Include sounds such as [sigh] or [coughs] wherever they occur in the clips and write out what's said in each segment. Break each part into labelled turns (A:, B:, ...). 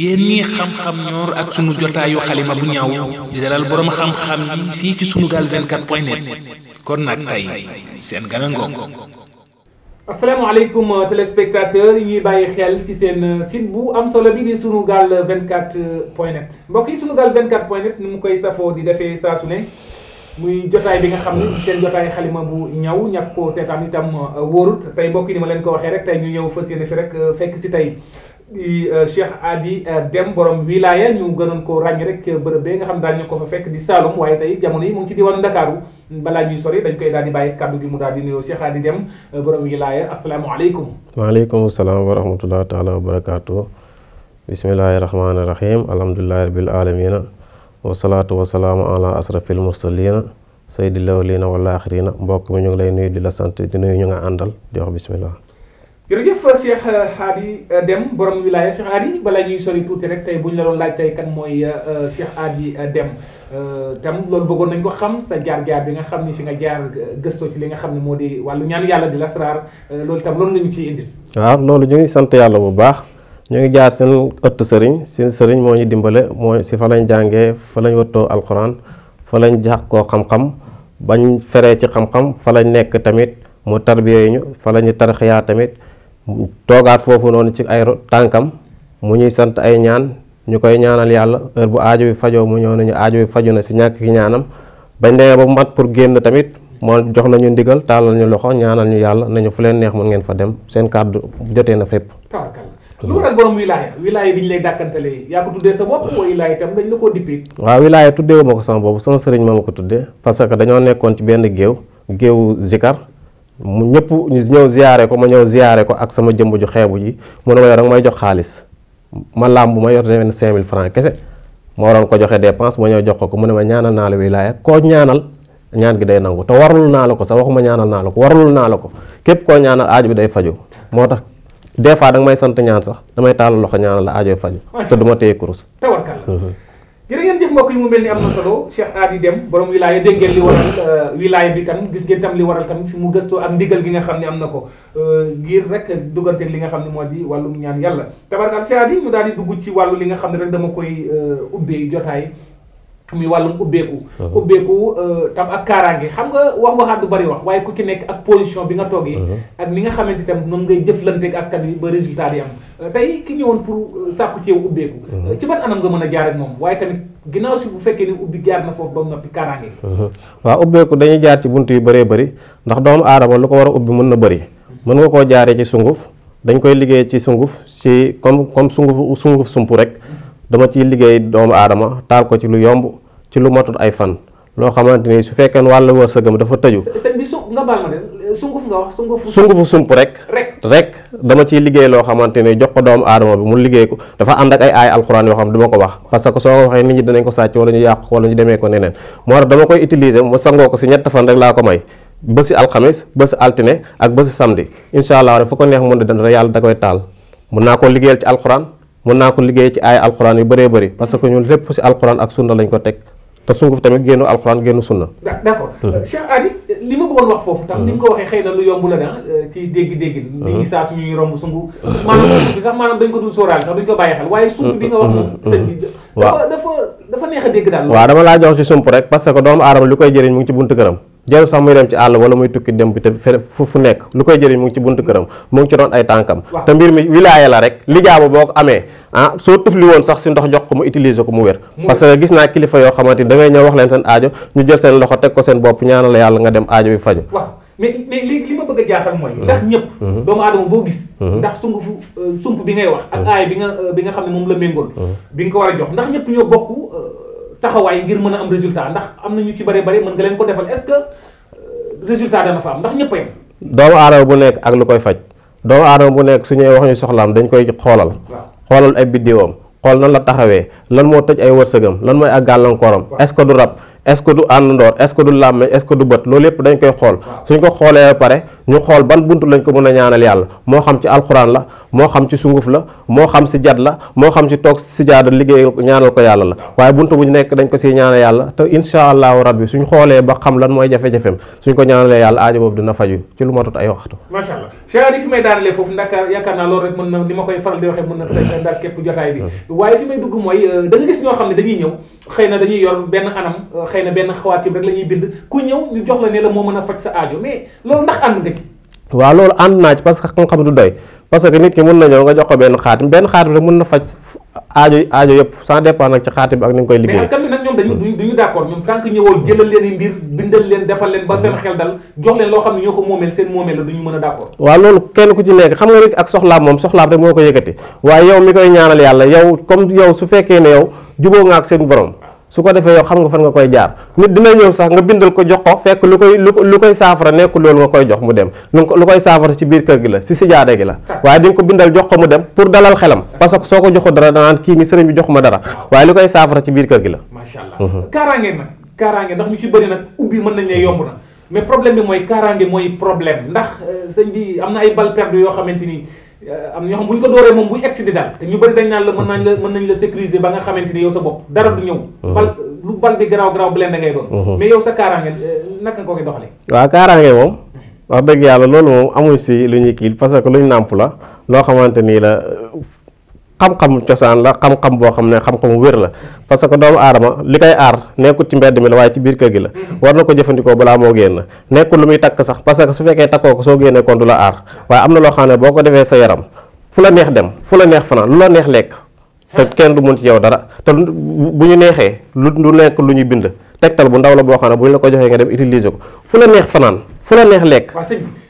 A: yéen ñi xam-xam ñor ak sunu jotaayu xalima bu ñaaw di dalal boroom xam-xam yi fii ci sunugal 24 point net kon nag tey seen gana ngoog asalaamaaleykum euh, téléspectateurs yi ñuy bàyyi xel ci seen euh, site bu am solo bi di sunugal 24 point net mbokk yi sunugal 24 point net nu mu koy safoo di defee saa su ne muy jotaay bi nga xam ni seen jotaay xalima bu ñaw ñàkk koo seetaan itam euh, wóorut tey mbokk yi ni ma leen ko waxee rek tey ñu ñëw fas yéene fi si tey di euh, Adi euh, Dem borom wilaya ñu gënoon ko ràññ rek euh, bërëb nga xam daañu ko fa fekk di Saloum waaye tey jamono yi mu ngi ci diwaanu Ndakaaru balaa ñuy sori dañ koy daal di bàyyi kàddu gi mu daal di nuyoo Cheikh Adi Dem borom wilaya asalaamaaleykum.
B: waaleykum salaam wa rahmatulah taalaa wa barakaatu. bismillahi rahmaani rahim alhamdulilahi rabil alamina wasalaatu wasalaamu ala asrafil mursalina wal axirina mbokk mi ñu ngi lay nuyu di la sant di nuyu ñu nga àndal di wax bismillah
A: jërëjëf Cheikh Hady euh, Deme borom wilaya Cheikh Hady bu ñu la doon laaj tey kan mooy euh, euh, Cheikh Hady Deme tam loolu bëggoon nañ ko xam sa jaar bi nga xam ni fi nga jaar gëstoo li nga xam moo di wàllu ñaan yàlla di lasraar loolu tam loolu nga
B: ñu ñu ngi sant yàlla bu baax ñu ngi jaar seen ëtt sëriñ seen sëriñ moo ñu dimbale mooy si fa lañ jàngee fa lañ wattoo alxuraan fa lañ jaax koo xam-xam bañ feree ci xam-xam fa lañ nekk tamit mu tarbiye ñu fa lañu tarxiyaa tamit toogaat foofu noonu ci ay tànkam mu ñuy sant ay ñaan ñu koy ñaanal yàlla heure bu aajo bi fajoo mu ñëw nañu aajo bi faju na si ñàkk ki ñaanam bañ demee ba mat pour génn tamit moo jox nañu ndigal tàllal ñu loxo ñaanal ñu yàlla nañu fu leen neex mun ngeen fa dem seen kàddu jotee na fépp.
A: lu waral borom wilaaya wilaaya bi ñu lay dàkkantalee yaa ko tuddee sa bopp mooy wilaaya itam dañ la koo dippee.
B: waaw wilaaya tuddee ma ko sama bopp sama sëriñ ma tuddee parce que dañoo nekkoon ci benn géew géewu zikar mu ñëpp ñu ñëw ziyaare ko ma ñëw ziyaare ko ak sama jëmb ju xeebu ji mu ne ma yow da may jox xaalis ma làmb ma yor ne cinq mille francs kese ma waroon ko joxe dépense ma ñëw jox ko ko mu ne ma ñaanal naa la koo ñaanal ñaan gi day nangu te warlul naa la ko sax waxuma ñaanal naa la ko warlul naa la ko képp koo ñaanal aajo bi day faju moo tax des fois da may sant ñaan sax damay tàllal loxo ñaanal la aajo faju te du ma kurus
A: jërë ngeen jëf mbokk yi mu mel ni am na solo Cheikh Hady Deme borom wilaya dégg ngeen li waral euh, wilaya bi tam gis ngeen tam li waral tam fi mu gëstoo ak ndigal gi nga xam ne am na ko euh, ngir rek duggante li nga xam ne moo di wàllum ñaan yàlla tabarkaal Cheikh Hady ñu daal di dugg ci wàllu li nga xam ne rek dama koy euh, ubbee jotaay muy wàllum ubbeeku uh-huh. ubbeeku uh, tam ak gi xam nga wax waxaat du bari wax waaye ku ci nekk ak position bi nga toogee uh-huh. ak ni nga xamante tam moom ngay jëflante ak askan wi ba résultat di am uh, tey ki ñëwoon pour uh, sàkku ci yow ubbeeku uh-huh. ci ban anam nga mën a jaar ak moom waaye tamit ginnaaw si bu fekkee ni ubbi jaar na foofu ba mu noppi kaaraange
B: waaw ubbeeku dañuy jaar ci bunt yu baree bari ndax doomu aadama lu ko war a ubbi mën na bëri mën nga koo jaaree ci sunguf dañ koy liggéey ci sunguf ci comme comme sunguf sunguf sump rek dama ciy liggéey doomu aadama taal ko ci lu yomb ci lu matut ay fan loo xamante ni su fekkee wàllu wërsëgam dafa tëju.
A: sëñ ma de sunguf nga wax sunguf.
B: sungufu sump rek. rek dama ciy liggéey loo xamante ni jox ko doomu adama bi mu liggéey ko dafa ànd ak ay alxuraan yoo xam ne ko wax parce que soo ko waxee nit ñi danañ ko sàcc wala ñu yàq ko wala ñu demee ko neneen moo tax dama koy utiliser ma sangoo ko si ñett fan rek laa ko may. ba si alxames ba si altine ak ba si samedi incha allah rek ko neex mun na dana yàlla da koy taal mun ci alxuraan mën naa ko liggéey ci ay alxuraan yu baree bëri parce que ñun lépp si alxuraan ak sunna lañ ko teg te sunguf tamit génnu alxuraan génnu sunna. d' accord hmm. euh,
A: Cheikh Hadi li ma bëggoon wax foofu tam. lu dafa dafa neex a dégg daal. waaw
B: dama laa jox ci sump rek parce que doomu aadama li koy jëriñ mu ngi ci buntu këram jarul sax muy dem ci àll wala muy tukki dem bi te fu fu nekk lu koy jëriñ mu ngi ci buntu këram mu ngi ci doon ay tànkam te mbir mi wilaaya la rek lijaaba boo ko amee ah soo tufli woon sax si ndox jox ko mu utiliser ko mu wér parce que gis naa kilifa yoo xamante ni da ngay ñëw wax leen seen aajo ñu jël seen loxo teg ko seen bopp ñaanal yàlla nga dem aajo bi faju
A: mais li ma bëgg a jaaxal mooy ndax ñëpp doomu aadama boo gis ndax sunguf euh, sump bi ngay wax ak nga euh, bi nga xam ne a jox ndax ñëpp ñoo euh, taxawaay ngir mën a am résultat ndax am na ñu ci bari bari mën nga leen ko defal est-ce euh, dana fa am ndax ñëpp a
B: doomu aadama bu nekk ak lu koy faj doomu aadama bu nekk su ñëwee wax ñu soxlaam dañ koy xoolal. xoolal ay biddeewam xool na la taxawee lan moo tëj ay wërsëgam lan mooy ak gàllankooram. est-ce que du rab est-ce que du àndandoor est-ce que du làmmeñ est-ce que du bët loolu yëpp dañ koy xool suñ ko xoolee pare. ñu xool ban bunt lañ ko mën a ñaanal yàlla moo xam ci alxuraan la moo xam ci sunguf la moo xam si jat la moo xam ci toog si jaada liggéeyal ñaanal ko yàlla la waaye buntu bu ñu nekk dañ ko siy ñaanal yàlla te incha allahu rabbi suñ xoolee ba xam lan mooy jafe-jafem suñ ko ñaanalee yàlla aajo boobu dina faju ci lu matut ay waxtu
A: macha allah Cheikh Ali fi may daanalee foofu ndax yaakaar naa loolu rek mën na li ma koy faral di waxee bi mm-hmm. waaye fi may dugg mooy euh, da gis ñoo xam ne dañuy ñëw xëy na dañuy yor benn anam xëy na benn xawaatim rek la bind ku ñëw jox la ne la moo mën a faj sa aajo mais loolu ndax ànd nga
B: waaw loolu ànd naa ci parce que xam-xam du doy parce que nit ki mun na ñëw nga jox ko benn xaatim benn xaatim rek mun na faj aajo aajo yëpp sans dépend nag ci xaatim bi ak ni nga koy liggéey mais askan
A: bi nag leen bindal leen defal leen ba seen xel dal jox leen loo xam ne ñoo ko moomeel seen moomeel la duñu mën a d'accord
B: waaw loolu kenn ku ci nekk xam nga nit ak soxlaam moom soxlaam rek moo ko yëkkati waaye yow mi koy ñaanal yàlla yow comme yow su fekkee ne yow juboo nga ak borom su ko defee yow xam nga fan nga koy jaar nit dina ñëw sax nga bindal ko jox ko fekk lu koy lu koy saafara nekkul loolu nga koy jox mu dem lu lu koy saafara ci biir kër gi la si si jaade gi la waaye di ko bindal jox ko mu dem pour dalal xelam parce que soo ko joxu dara danaan kii ngi sëriñ bi jox ma dara waaye lu koy saafara ci biir kër gi la macha allah mhm.
A: kaaraange nag kaaraange ndax ñu ci bëri nag ubbi mën nañ ne yomb na mais problème bi mooy kaaraange mooy problème ndax euh, sëñ bi ay bal yoo xamante ni am ñoo xam bu ñu ko dooree moom buy egsi di daal ñu bëri dañ naan la mën nañ la mën nañ la sécuriser ba nga xamante ni yow sa bopp dara du ñëw uh-huh. bal lu bal bi garaaw garaaw bu leen da ngay doon uh-huh. mais yow sa kaaraange euh, naka nga ko koy doxale
B: waaw kaaraange moom wax dëgg yàlla loolu moom amuñ si lu ñuy kii parce que luñ nàmp la loo xamante nii la xam-xam cosaan la xam-xam boo xam ne xam-xamu wér la parce que doomu aadama li koy aar nekkul ci mbedd mi la waaye ci biir kër gi la war na ko jëfandikoo balaa moo génn nekkul lu muy takk sax parce que su fekkee takkoo ko soo génnee kon du la aar waaye am na loo xam ne boo ko defee sa yaram fu la neex dem fu la neex fanaan lu la neex lekk te kenn du mun ci yow dara te bu ñu neexee lu lu nekk lu ñuy bind tegtal bu ndaw la boo xam ne bu ñu la ko joxee nga dem utiliser ko fu neex fanaan fu la neex lekk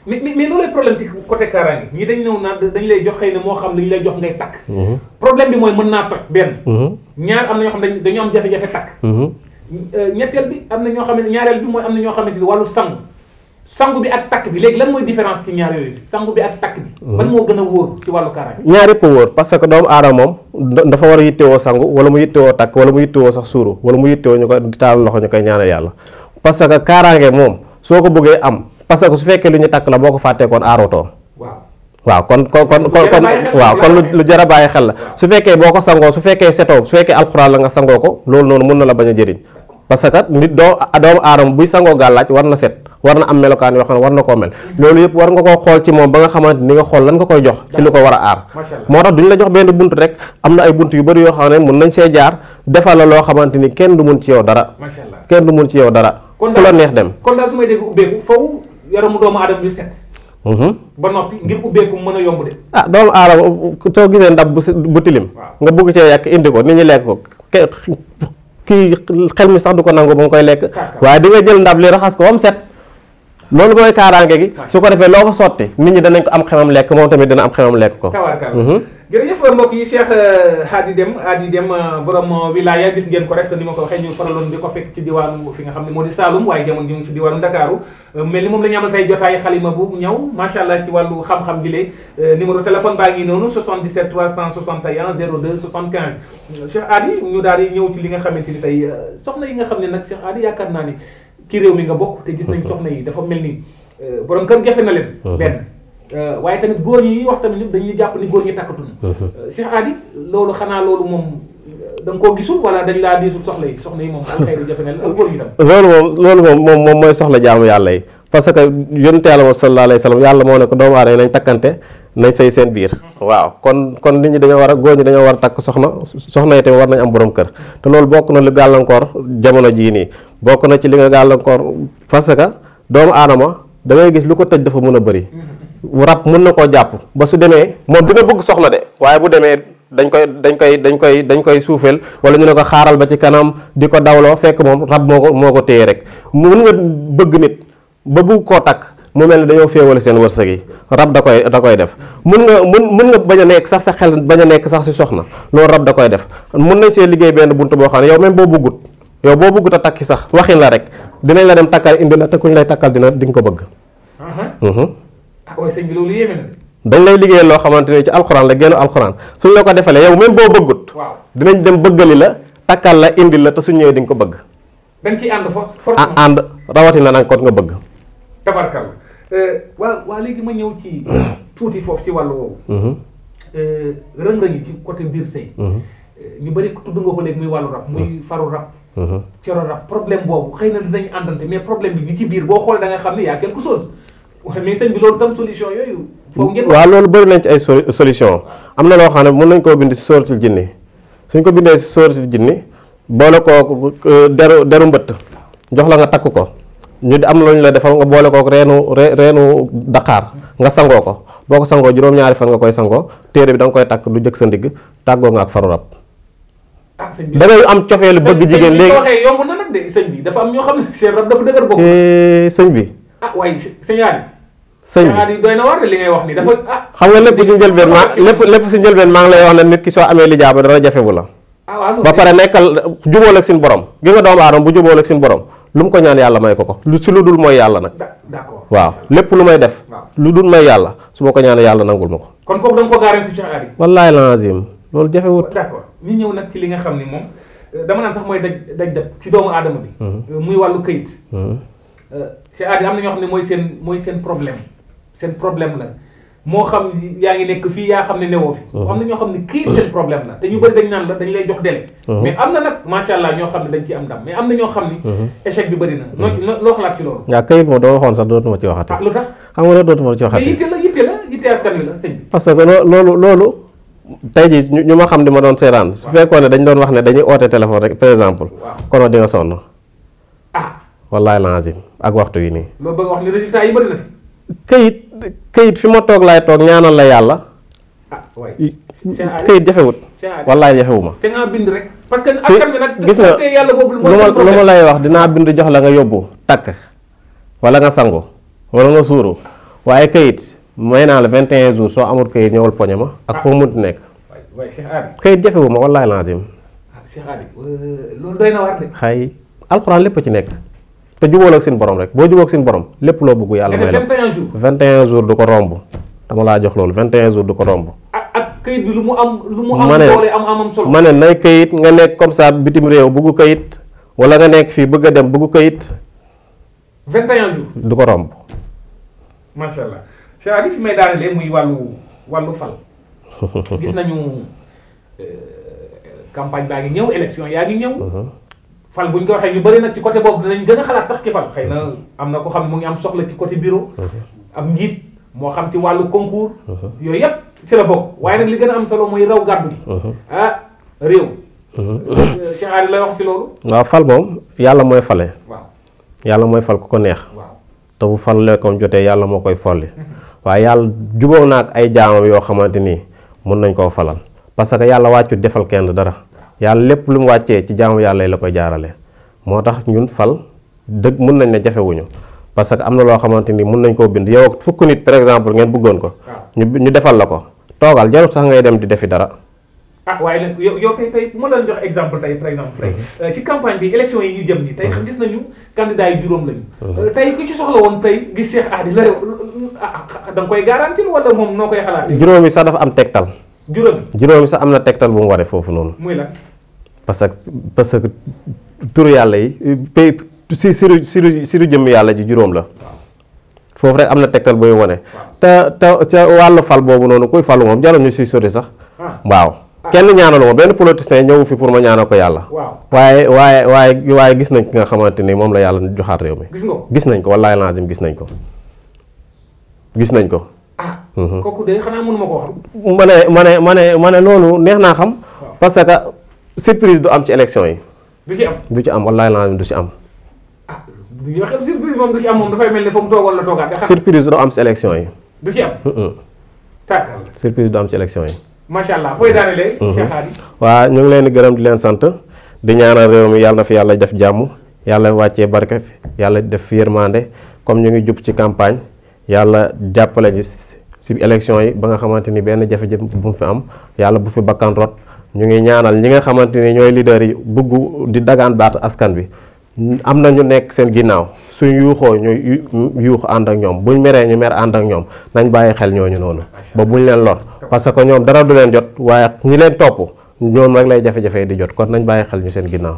A: mais mais loolu lay problème ci côté kaaraange ñi dañ ñëw naan dañ lay jox xëy na moo xam li ñu lay jox ngay takk. Mhm. problème bi mooy mën naa toj benn. Mhm. ñaar am na ñoo xam ne jafe-jafe takk. Mhm. Euh, ñetteel bi am na ñoo xam ne ñaareel bi mooy am na ñoo xamante ni wàllu sangu sangu bi ak takk bi léegi lan mooy ñaar yooyu bi ak takk moo gën a wóor ci wàllu kaaraange.
B: ñaar yëpp a que doomu aadama moom dafa war a yittewoo sangu wala mu yittewoo takk wala mu yittewoo sax suuru wala mu yittewoo ñu koy di taal loxo ñu koy ñaanal yàlla parce que kaaraange moom soo ko bëggee am parce que su fekkee lu ñu takk la boo ko fàttee aarotoo waaw kon kon kon kon kon lu jar a bàyyi xel la su fekkee boo ko sangoo su fekkee setoo su fekkee alxuraan la nga sangoo ko loolu noonu mun na la bañ a jëriñ parce que nit doo doomu aadama buy sangoo gàllaaj war na set war na am melokaan yoo xam ne war na koo mel mm-hmm. loolu yëpp war nga koo xool ci moom ba nga xamante ni nga xool lan nga koy jox ci lu ko war a aar moo tax duñu la jox
A: benn yaramu doomu aadama bi set. Mhm. mën a yomb de.
B: ah doomu aadama soo gisee ndab bu bu tilim. nga bugg cee yàq indi ko nit ñi lekk ko kii xel mi sax du ko nangu ba nga koy lekk. waaye di jël ndab li raxas ko ba mu set. loolu mooy kaaraange gi. su ko defee loo ko sotti nit ñi danañ ko am xemam lekk moom tamit dina am xemam lekk ko.
A: jërëjëf mbokk yi Cheikh euh, Hadi Deme Hadi Deme euh, borom euh, wilaya gis ngeen ko ni ma ko waxee ñu faraloon di ko fekk ci diwaanu fi nga xam ne moo di Saloum waaye moom la ñu amal tey xalima bu ñëw macha allah ci wàllu xam-xam bi le numéro téléphone baa ngi noonu 77 361 02 75 Cheikh Hadi ñu daal di ñëw ci li nga xamante ni tey soxna yi nga xam ne nag Cheikh Hadi yaakaar naa ni ki réew mi nga bokk te gis nañ mm-hmm. soxna yi dafa mel ni borom kër jafe na leen mm-hmm. benn Euh, waaye tamit góor ñi wax tamit lépp dañuy [laughs] uh-huh. euh, loolu xanaa loolu moom euh, da nga koo gisul wala dañ laa diisul soxla yi soxla yi [laughs] moom
B: loolu moom moom moom mooy soxla jaamu yàlla yi parce que yonent yàlla moom sallallahu alayhi wa sallam yàlla moo ne ko doomu aadama nañ takkante. nañ say seen biir mm-hmm. waaw kon kon nit ñi dañoo war a góor ñi dañoo war a takk soxna soxna yi tamit war nañ am boroom kër te loolu bokk na lu gàllankoor jamono jii nii bokk na ci li nga gàllankoor parce que doomu aadama dangay gis lu ko tëj dafa mën a bëri mm-hmm. rab mun na koo jàpp ba su demee moom dina bëgg soxna de waaye bu demee dañ koy dañ koy dañ koy dañ koy suufeel wala ñu ne ko xaaral ba ci kanam di ko dawloo fekk moom rab moo ko moo ko téye rek mun nga bëgg nit ba bugg koo takk mu mel ne dañoo féewale seen wërsëg yi rab da da koy def mun nga mun mun nga bañ a nekk sax sa xel bañ a nekk sax si soxna loolu rab da koy def mun nañ see liggéey benn bunt boo xam ne yow même boo bëggut yow boo bëggut a takki sax waxin la rek dinañ la dem takkal indi la te kuñ lay takkal dina di nga ko bëgg uh-huh. mm-hmm.
A: ah waaye sëñ bi loolu
B: dañ lay liggéeyal loo xamante ne ci alxuraan la génn alxuraan suñ la ko defalee yow même boo bëggut. waaw dinañ dem bëggali la takkal la indi la te suñ ñëwee di ko bëgg.
A: dañ ci ànd force force ah,
B: ànd rawatina nag kon nga bëgg.
A: tabarkal euh, waa waa ma ñëw [coughs] tuuti foofu ci wàllu woowu. Mhm. Euh, rëng ci côté biir sëy. Mhm. Euh, ñu bëri tudd nga ko léegi muy wàllu rab muy mhm. faru rab. coro rab problème boobu xëy na dinañ àndante mais problème bi ci biir boo xoolee da nga xam ni y a quelque chose. waa mais loolu tam solution
B: bëri nañ ci ay solution am na loo xam ne mën nañ koo bind si sóoratul jinni suñ ko bindee si sóoratul jinni boole koo deru deru mbëtt jox la nga takk ko ñu am lu ñu la defal nga boole kook reenu reenu daqaar nga sangoo ko boo ko sangoo juróom-ñaari fan nga koy sangoo téere bi da nga koy takk du jëkk sa ndigg tàggoo nga ak faru rab
A: ah, da ngay am cofeelu bëgg jigéen léegi sëñ bi dafa am ñoo
B: xam ne seen rab dafa dëgër bopp eh, sëñ bi
A: ah, sëñ yaa sëñ bi doy na war li ngay wax ni dafa ah.
B: xam nga lépp ci njëlbeen maa lépp lépp si njëlbeen maa ngi lay wax ne nit ki soo amee li jaaba dara jafewu la
A: ah, ba pare
B: nekkal jubóol ak seen borom gi nga doomu aadama bu jubóol ak borom lu mu ko ñaan yàlla may ko ko lu si lu dul mooy yàlla nag waaw lépp lu may def lu dul may yàlla su ma ko ñaan yàlla nangul ma ko
A: kon kooku da nga ko garanti Cheikh Hadi
B: wallaahi loolu jafewut
A: d'accord nag li nga xam ni moom euh, dama naan mooy daj daj dab ci doomu aadama bi mhm. euh, muy wàllu këyit mhm. euh, Cheikh na ñoo xam ne mooy seen mooy problème seen problème la moo xam yaa ngi nekk fii yaa xam ne newoo fi uh-huh. am na ñoo xam ne kii seen problème la te ñu bëri dañ naan la dañ lay jox délai uh-huh. mais am na nag macha allah ñoo xam ne dañ ci am ndam mais am na ñoo xam ne uh-huh. échec loo xalaat ci loolu
B: waaw kayit moom doo sax dootuma ci waxati ah, lu tax xam nga ci waxati yitte
A: la yitte la yitte askan wi la sëñ
B: bi loolu loolu tey ji ñu ma xam di ma doon seeraan su fekkoon ne dañ doon wax ne dañuy oote téléphone rek par exemple kono di nga sonn ah wallaay laazim ak waxtu yi nii
A: wax
B: këyit këyit fi ma toog laay toog ñaanal la yàlla. ah waay këyit jafewut. wallaay jafewuma.
A: te nga que askan lu ma lay wax
B: dinaa bind jox la nga yóbbu takk wala nga sangu wala nga suuru waaye këyit may naa la 21 jours soo amul këyit ñëwal poñe ma ak foo munti nekk. waay këyit jafewuma wallaay lazim.
A: ah euh, loolu
B: alxuraan lépp ci nekk. te jubóol ak seen borom rek boo jubóog seen borom lépp loo bëgg yàlla may la 21 jours 21 jours du ko romb dama laa jox loolu 21 jours du ko romb.
A: lu mu am. lu mu ma ne nay
B: nga nekk comme ça bitim réew bëggu kayit wala nekk fii bëgg dem bëggu kayit. 21 du ko romb.
A: macha allah cest may daanelee muy wàllu wàllu fal. [laughs] gis nañu euh, campagne baa ngi ñëw élection yaa ngi ñëw. Uh-huh. fal buñ ko waxee ñu bëri nag ci côté boobu gën a xalaat sax ki fal xëy na mm-hmm. am na ko xam mu ngi am soxla ci côté bureau
B: am mm-hmm.
A: njiit moo xam ci wàllu concours mm-hmm. yooyu yëpp si la ah, euh, wax ci loolu
B: waaw fal moom yàlla mooy fale yàlla mooy fal ku ko neex waaw te bu fal lekkoom jotee yàlla moo koy folli waaye yàlla jubóo naag ay jaamam yoo xamante nii mun nañ koo falal parce que yàlla wàccu defal kenn dara yàlla lépp lu mu wàccee ci jaamu yàlla yi la koy jaarale moo tax ñun fal dëgg mun nañ ne jafewuñu parce que am na loo xamante ni mun nañ koo bind yow ak fukk nit par exemple ngeen bëggoon ko. ñu ñu defal la ko toogal jarul sax ngay dem di defi dara.
A: ah waaye nag yow yow tey tey mhm. euh, ñu mhm. mhm. euh, soxla woon tey gis Cheikh Hadi la ah, ah, ah, da koy garantir wala moom noo koy xalaatee.
B: juróomi sax dafa am tegtal. juróom juróomi sax am na tegtal bu mu waree foofu noonu. parce que parce que turu yàlla yi pay si siru si siru jëmm yàlla ji juróom la foofu rek am na tegtal booy wane te te ca wàllu fal boobu noonu kuy falu moom jarul ñu si sori sax ah. waaw ah. kenn ñaanalu ma benn politicien ñëwu fi pour ma ñaana ko yàlla waaye waaye waaye waaye gis nañ ki nga xamante ni moom la yàlla joxaat réew mi gis nañ ko wallaahi lazim gis nañ ko gis nañ ko ah. mhm. ma ne ma ne ma ne ma ne loolu neex naa xam parce surprise du am ci élection yi. du ci am du ci du ci am.
A: ah yow surprise du am moom ci élection yi. du ci am.
B: tàkkal surprise du am ci élection yi.
A: macha allah fooy daanelee. Mm-hmm.
B: waa ñu ngi leen gërëm di leen sant di ñaanal réew mi yàlla na fi yàlla def jàmm yàlla wàccee barke yàlla def fi yërmande comme ñu ngi jub ci campagne yàlla jàppale ji si élection yi ba nga xamante ni benn jafe-jafe bu mu fi am yàlla bu fi bakkan rot. ñu ngi ñaanal ñi nga xamante ni ñooy leader yi bëggu di dagaan baatu askan bi am na ñu nekk seen ginnaaw suñ yuuxoo ñu yuux ànd ak ñoom bu ñu meree ñu mer ànd ak ñoom nañ bàyyi xel ñu noonu ba buñ leen lor parce que ñoom dara du leen jot waaye ñi leen topp ñoom rek lay jafe-jafe di jot kon nañ bàyyi xel ñu seen ginnaaw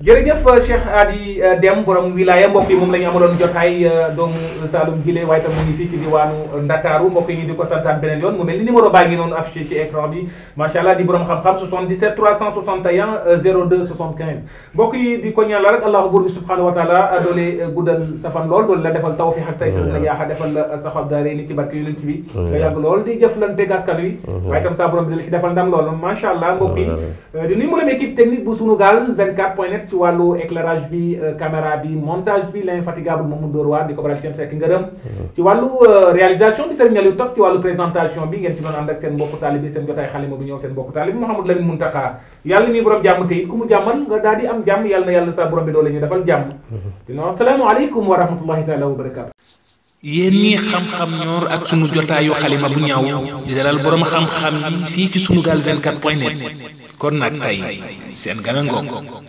A: jërëjëf euh, Cheikh Adi euh, Deme borom wilaya mbokk yi moom la ñu amaloon jotaay euh, doomu Gile waaye mu ngi fii ci diwaanu Ndakaaru mbokk yi di ko santaan beneen yoon mel ni numéro baa ngi noonu ci écran bi macha di borom xam-xam 77 di ko ñaanal rek allahu buur bi subhanahu wa taala doole guddal sa fan la defal tawfiq ak taysir la yaaxa defal la sa ci barke yonent bi nga yàgg lool di jëflante gaskan wi waaye tam sa ci wàllu éclairage bi euh, caméra bi montage bi l'infatigable Mamadou Dóor waar di ko baral seen sekk ngërëm mm-hmm. ci wàllu euh, réalisation bi Serigne Aliou ci wàllu présentation bi ngeen ci doon ànd ak seen mbokku taali bi seen jotaay xalima bu ñëw seen mbokku taali bi Mouhamadou Lamine Muntaka yàlla mi borom jàmm te it ku mu jàmmal nga daal di am jàmm yàlla na yàlla sa borom bi doole ñu defal jàmm mm-hmm. dina asalaamaaleykum wa rahmatullahi taala wa barakatu yéen ñi xam-xam ñoor ak sunu jotaayu xalima bu ñaaw di dalal ci sunugal 24 point net kon nag tey